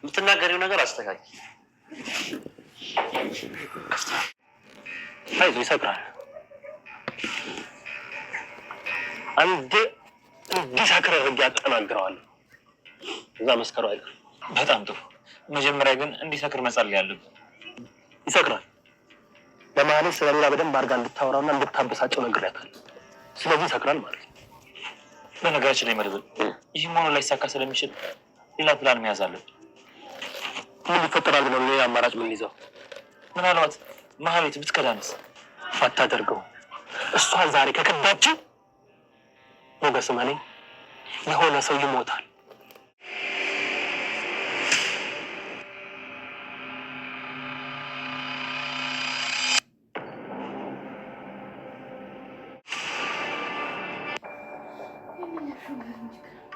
የምትናገሪው ነገር አስተካክል። አይዞህ ይሰብራል። አንድ እንዲህ ህግ ያጠናግረዋለሁ። እዛ መስከሩ አይቀር። በጣም ጥሩ። መጀመሪያ ግን እንዲሰክር ይሰክራል። ለማለት ስለሌላ በደንብ አድርጋ እንድታወራውና እንድታበሳጨው ነግሬያታለሁ። ስለዚህ ይሰክራል ማለት ነው። በነገራችን ላይ መድብል ይህም ሆኖ ላይሳካ ስለሚችል ሌላ ፕላን መያዝ አለብን። ምን ይፈጠራል ብለው ሌላ አማራጭ ምን ይዘው ምናልባት መሀቤት ብትከዳንስ? አታደርገው። እሷን ዛሬ ከከዳችው ሞገስ መኔ የሆነ ሰው ይሞታል። 我也没说给你去看。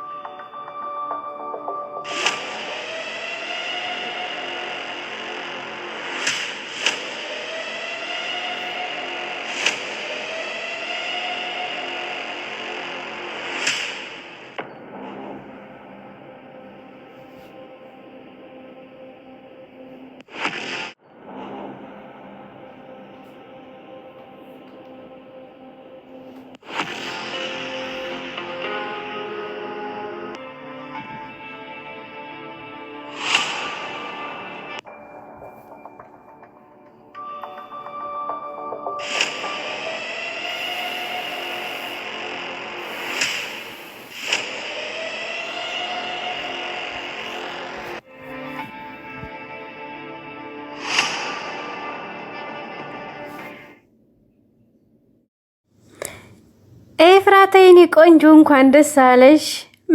ኤፍራታ የኔ ቆንጆ እንኳን ደስ አለሽ።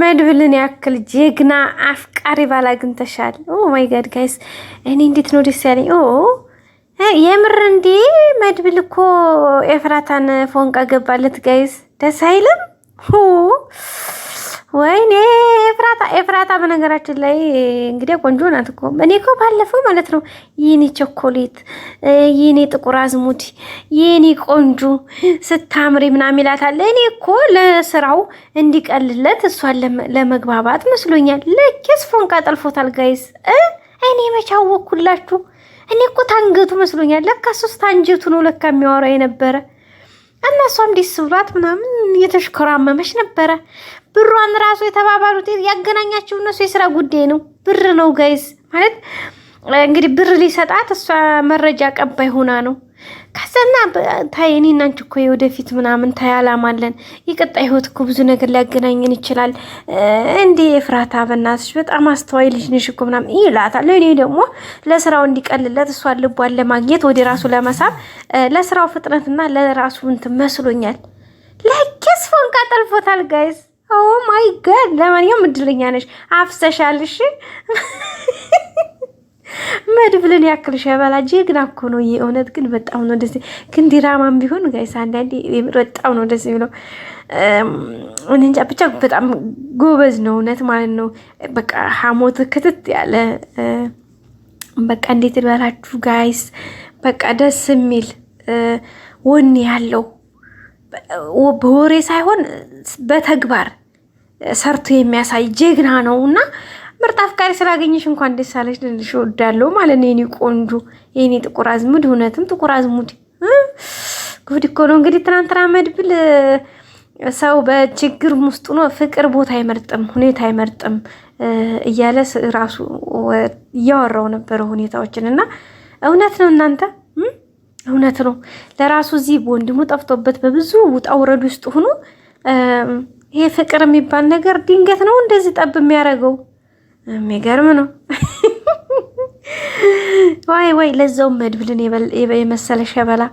መድብልን ያክል ጀግና አፍቃሪ ባል አግኝተሻል። ኦ ማይ ጋድ ጋይስ፣ እኔ እንዴት ነው ደስ ያለኝ። ኦ የምር እንዴ መድብል እኮ ኤፍራታን ፎንቃ ገባለት ጋይስ፣ ደስ አይልም? ወይኔ ኤፍራታ ኤፍራታ፣ በነገራችን ላይ እንግዲ ቆንጆ ናት እኮ። እኔ እኮ ባለፈው ማለት ነው የኔ ቸኮሌት፣ የኔ ጥቁር አዝሙድ፣ የኔ ቆንጆ ስታምሪ ምናምን ይላታል። እኔ እኮ ለስራው እንዲቀልለት እሷን ለመግባባት መስሎኛል። ለኬስ ፎንቃ ጠልፎታል። ጋይስ እኔ መቻወኩላችሁ። እኔ እኮ ታንገቱ መስሎኛል። ለካ ሶስት አንጀቱ ነው ለካ የሚያወራ የነበረ እና እሷም ደስ ብሏት ምናምን የተሽከራመመች ነበረ። ብሯን ራሱ የተባባሉት ያገናኛቸው እነሱ የስራ ጉዳይ ነው። ብር ነው ጋይዝ ማለት እንግዲህ ብር ሊሰጣት እሷ መረጃ ቀባይ ሆና ነው። ከዛና ታይ እኔ እናንቺ እኮ ወደፊት ምናምን ታይ አላማለን የቀጣይ ህይወት እኮ ብዙ ነገር ሊያገናኘን ይችላል። እንዴ የፍራታ በናትሽ በጣም አስተዋይ ልጅ ነሽ እኮ ምናምን ይላታል። እኔ ደግሞ ለስራው እንዲቀልለት እሷ ልቧን ለማግኘት ወደ ራሱ ለመሳብ ለስራው ፍጥነትና ለራሱ እንትን መስሎኛል። ለኪስ ፎን ቃጠልፎታል ጋይዝ ኦ ማይ ጋድ! ለማንኛውም እድለኛ ነሽ፣ አፍሰሻልሽ። መድብልን ያክል ሸበላ ጀግና እኮ ነው። የእውነት ግን በጣም ነው ደስ ግን ዲራማም ቢሆን ጋይስ አንዳንዴ በጣም ነው ደስ የሚለው። እኔ እንጃ ብቻ በጣም ጎበዝ ነው እውነት ማለት ነው። በቃ ሀሞት ክትት ያለ በቃ እንዴት ልበላችሁ ጋይስ፣ በቃ ደስ የሚል ወኔ ያለው በወሬ ሳይሆን በተግባር ሰርቶ የሚያሳይ ጀግና ነው እና ምርጥ አፍቃሪ ስላገኘሽ እንኳን ደስ አለሽ። ልልሽ እወዳለሁ ማለት ነው የኔ ቆንጆ የኔ ጥቁር አዝሙድ። እውነትም ጥቁር አዝሙድ ጉድ እኮ ነው እንግዲህ። ትናንትና መድብል ሰው በችግር ውስጥ ሆኖ ፍቅር ቦታ አይመርጥም፣ ሁኔታ አይመርጥም እያለ ራሱ እያወራው ነበረ ሁኔታዎችን እና እውነት ነው እናንተ እውነት ነው። ለራሱ እዚህ ሙ ጠፍቶበት በብዙ ውጣ ውረድ ውስጥ ሆኖ ይሄ ፍቅር የሚባል ነገር ድንገት ነው እንደዚህ ጠብ የሚያደርገው የሚገርም ነው። ዋይ ዋይ! ለዛውም መድብልን የመሰለ ሸበላ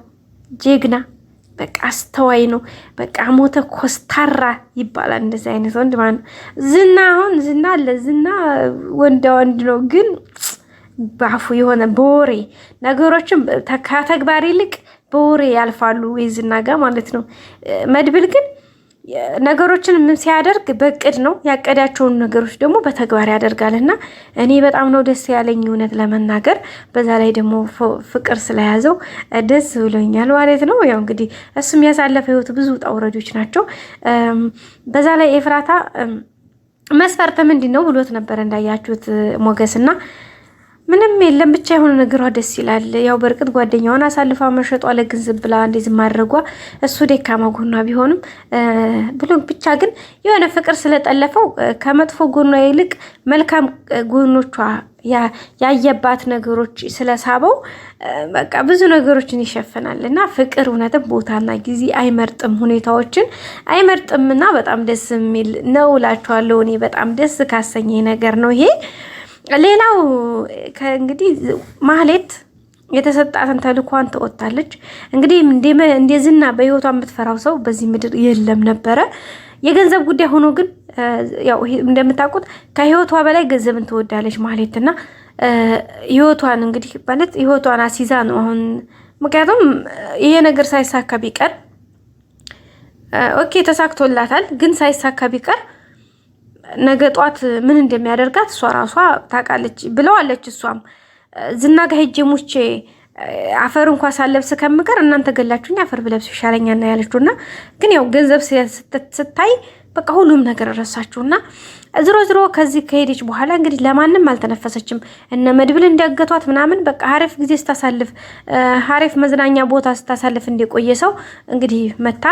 ጀግና፣ በቃ አስተዋይ ነው። በቃ ሞተ ኮስታራ ይባላል እንደዚህ አይነት ወንድ ማለት ነው። ዝና አሁን ዝና አለ ዝና ወንዳ ወንድ ነው ግን ባፉ የሆነ በወሬ ነገሮችን ከተግባር ይልቅ በወሬ ያልፋሉ ይዝና ጋር ማለት ነው። መድብል ግን ነገሮችን ምን ሲያደርግ በእቅድ ነው ያቀዳቸውን ነገሮች ደግሞ በተግባር ያደርጋል። እና እኔ በጣም ነው ደስ ያለኝ እውነት ለመናገር በዛ ላይ ደግሞ ፍቅር ስለያዘው ደስ ብሎኛል ማለት ነው። ያው እንግዲህ እሱም ያሳለፈ ህይወት ብዙ ውጣ ውረዶች ናቸው። በዛ ላይ ኤፍራታ መስፈርት ምንድን ነው ብሎት ነበር እንዳያችሁት ሞገስና ምንም የለም ብቻ የሆነ ነገሯ ደስ ይላል። ያው በእርግጥ ጓደኛዋን አሳልፋ መሸጧ ለገንዘብ ብላ እንደዚህ ማድረጓ እሱ ደካማ ጎኗ ቢሆንም ብሎ ብቻ ግን የሆነ ፍቅር ስለጠለፈው ከመጥፎ ጎኗ ይልቅ መልካም ጎኖቿ ያየባት ነገሮች ስለሳበው በቃ ብዙ ነገሮችን ይሸፍናል እና ፍቅር እውነትም ቦታና ጊዜ አይመርጥም፣ ሁኔታዎችን አይመርጥምና በጣም ደስ የሚል ነው እላችኋለሁ። እኔ በጣም ደስ ካሰኘ ነገር ነው ይሄ። ሌላው ከእንግዲህ ማህሌት የተሰጣትን ተልኳን ትወታለች። እንግዲህ እንደ ዝና በህይወቷ የምትፈራው ሰው በዚህ ምድር የለም ነበረ። የገንዘብ ጉዳይ ሆኖ ግን ያው እንደምታውቁት ከህይወቷ በላይ ገንዘብን ትወዳለች ማህሌት እና ህይወቷን እንግዲህ ማለት ህይወቷን አሲዛ ነው አሁን። ምክንያቱም ይሄ ነገር ሳይሳካ ቢቀር ኦኬ ተሳክቶላታል፣ ግን ሳይሳካ ቢቀር ነገ ጧት ምን እንደሚያደርጋት እሷ ራሷ ታውቃለች ብለዋለች። እሷም ዝና ጋ ሄጄ ሙቼ አፈር እንኳ ሳለብስ ከምቀር እናንተ ገላችሁኝ አፈር ብለብስ ይሻለኛና ያለችውና ግን ያው ገንዘብ ስታይ በቃ ሁሉም ነገር ረሳችሁና ዝሮ ዝሮ ከዚህ ከሄደች በኋላ እንግዲህ ለማንም አልተነፈሰችም። እነ መድብል እንዲያገቷት ምናምን በቃ አሪፍ ጊዜ ስታሳልፍ አሪፍ መዝናኛ ቦታ ስታሳልፍ እንደቆየ ሰው እንግዲህ መታ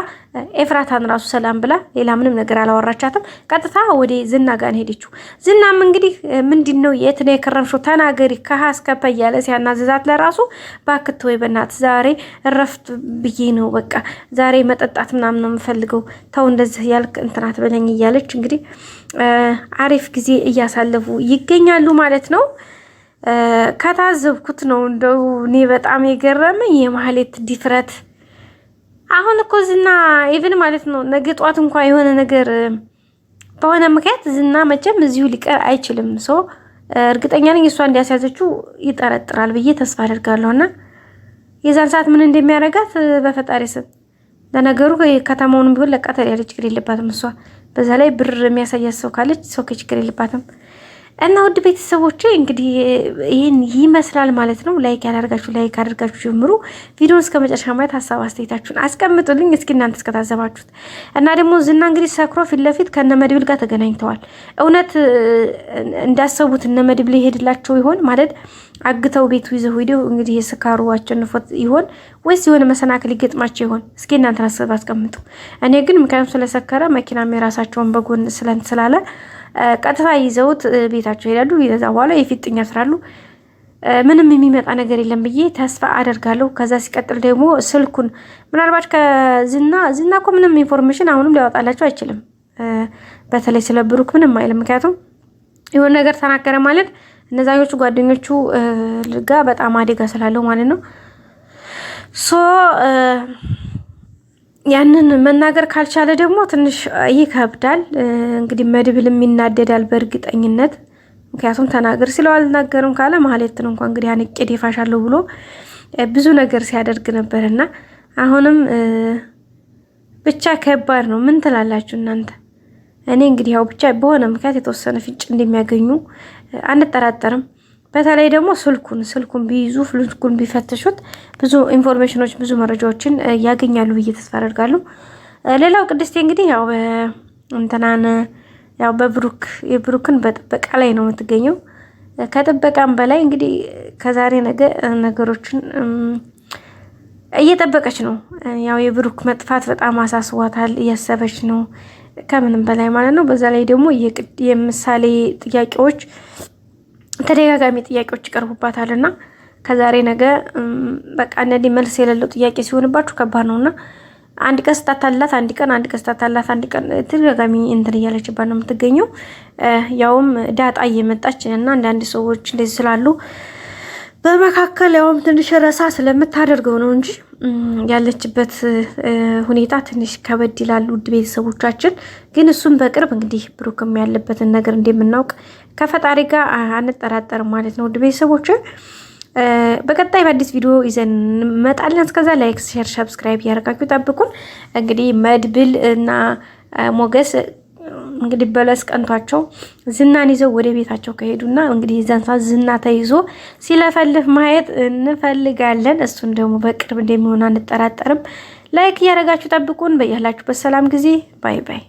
ኤፍራታን ራሱ ሰላም ብላ ሌላ ምንም ነገር አላወራቻትም። ቀጥታ ወደ ዝና ጋር ሄደችው። ዝናም እንግዲህ ምንድን ነው የት ነው የከረምሽው? ተናገሪ ከሀ እስከ ፐ እያለ ሲያናዝዛት ለራሱ ባክት ወይ በናት ዛሬ እረፍት ብዬ ነው በቃ ዛሬ መጠጣት ምናምን ነው የምፈልገው። ተው እንደዚህ ያልክ እንትና አትበለኝ እያለች እንግዲህ አሪፍ ጊዜ እያሳለፉ ይገኛሉ ማለት ነው። ከታዘብኩት ነው እንደው እኔ በጣም የገረመኝ የማህሌት ድፍረት። አሁን እኮ ዝና ኢቭን ማለት ነው ነገ ጧት እንኳ የሆነ ነገር በሆነ ምክንያት ዝና መቼም እዚሁ ሊቀር አይችልም። ሶ እርግጠኛ ነኝ እሷ እንዲያስያዘችው ይጠረጥራል ብዬ ተስፋ አደርጋለሁ እና የዛን ሰዓት ምን እንደሚያደርጋት በፈጣሪ ስም ለነገሩ ከተማውን ቢሆን ለቃ ትሄዳለች፣ ችግር የለባትም እሷ። በዛ ላይ ብር የሚያሳያት ሰው ካለች ሰው ችግር የለባትም። እና ውድ ቤተሰቦች እንግዲህ ይህን ይመስላል ማለት ነው። ላይክ ያላደርጋችሁ ላይክ አድርጋችሁ ጀምሩ። ቪዲዮን እስከ መጨረሻ ማለት ሀሳብ አስተያየታችሁን አስቀምጡልኝ እስኪ እናንተ እስከታዘባችሁት። እና ደግሞ ዝና እንግዲህ ሰክሮ ፊት ለፊት ከነ መድብል ጋር ተገናኝተዋል። እውነት እንዳሰቡት እነ መድብል ይሄድላቸው ይሆን ማለት አግተው ቤቱ ይዘው ሂደው እንግዲህ የስካሩ አቸንፎት ይሆን ወይስ የሆነ መሰናክል ይገጥማቸው ይሆን? እስኪ እናንተ ሀሳብ አስቀምጡ። እኔ ግን ምክንያቱም ስለሰከረ መኪናም የራሳቸውን በጎን ስላለ ቀጥታ ይዘውት ቤታቸው ይሄዳሉ። ከዛ በኋላ የፊጥኛ ስራሉ። ምንም የሚመጣ ነገር የለም ብዬ ተስፋ አደርጋለሁ። ከዛ ሲቀጥል ደግሞ ስልኩን ምናልባት ከዝና ዝና እኮ ምንም ኢንፎርሜሽን አሁንም ሊያወጣላቸው አይችልም። በተለይ ስለ ብሩክ ምንም አይልም። ምክንያቱም የሆነ ነገር ተናገረ ማለት እነዛኞቹ ጓደኞቹ ጋ በጣም አደጋ ስላለው ማለት ነው ሶ ያንን መናገር ካልቻለ ደግሞ ትንሽ ይከብዳል። እንግዲህ መድብልም ይናደዳል በእርግጠኝነት። ምክንያቱም ተናገር ሲለው አልናገርም ካለ ማህሌትን እንኳ እንግዲህ አንቄ ደፋሻለሁ ብሎ ብዙ ነገር ሲያደርግ ነበር እና አሁንም ብቻ ከባድ ነው። ምን ትላላችሁ እናንተ? እኔ እንግዲህ ያው ብቻ በሆነ ምክንያት የተወሰነ ፍንጭ እንደሚያገኙ አንጠራጠርም። በተለይ ደግሞ ስልኩን ስልኩን ቢይዙ ስልኩን ቢፈትሹት ብዙ ኢንፎርሜሽኖች ብዙ መረጃዎችን ያገኛሉ ብዬ ተስፋ አደርጋለሁ። ሌላው ቅድስቴ እንግዲህ ያው እንትናን ያው በብሩክ የብሩክን በጥበቃ ላይ ነው የምትገኘው። ከጥበቃም በላይ እንግዲህ ከዛሬ ነገ ነገሮችን እየጠበቀች ነው። ያው የብሩክ መጥፋት በጣም አሳስቧታል፣ እያሰበች ነው ከምንም በላይ ማለት ነው። በዛ ላይ ደግሞ የምሳሌ ጥያቄዎች ተደጋጋሚ ጥያቄዎች እና ከዛሬ ነገ በቃ እነዚህ መልስ የሌለው ጥያቄ ሲሆንባችሁ ከባድ ነውና አንድ ቀን ስታታላት አንድ ቀን አንድ ቀን ስታታላት አንድ ቀን ተደጋጋሚ እንትን እያለችባት ነው የምትገኘው። ያውም ዳጣ እየመጣች እና አንዳንድ ሰዎች እንደዚህ ስላሉ በመካከል ያውም ትንሽ ረሳ ስለምታደርገው ነው እንጂ ያለችበት ሁኔታ ትንሽ ከበድ ይላል። ውድ ቤተሰቦቻችን ግን እሱም በቅርብ እንግዲህ ብሩክም ያለበትን ነገር እንደምናውቅ ከፈጣሪ ጋር አንጠራጠርም ማለት ነው። ውድ ቤተሰቦች በቀጣይ በአዲስ ቪዲዮ ይዘን እንመጣለን። እስከዛ ላይክ፣ ሼር፣ ሰብስክራይብ እያደረጋችሁ ጠብቁን። እንግዲህ መድብል እና ሞገስ እንግዲህ በለስ ቀንቷቸው ዝናን ይዘው ወደ ቤታቸው ከሄዱና እንግዲህ የዛን ዝና ተይዞ ሲለፈልፍ ማየት እንፈልጋለን። እሱን ደግሞ በቅርብ እንደሚሆን አንጠራጠርም። ላይክ እያደረጋችሁ ጠብቁን። በያላችሁበት ሰላም ጊዜ ባይ ባይ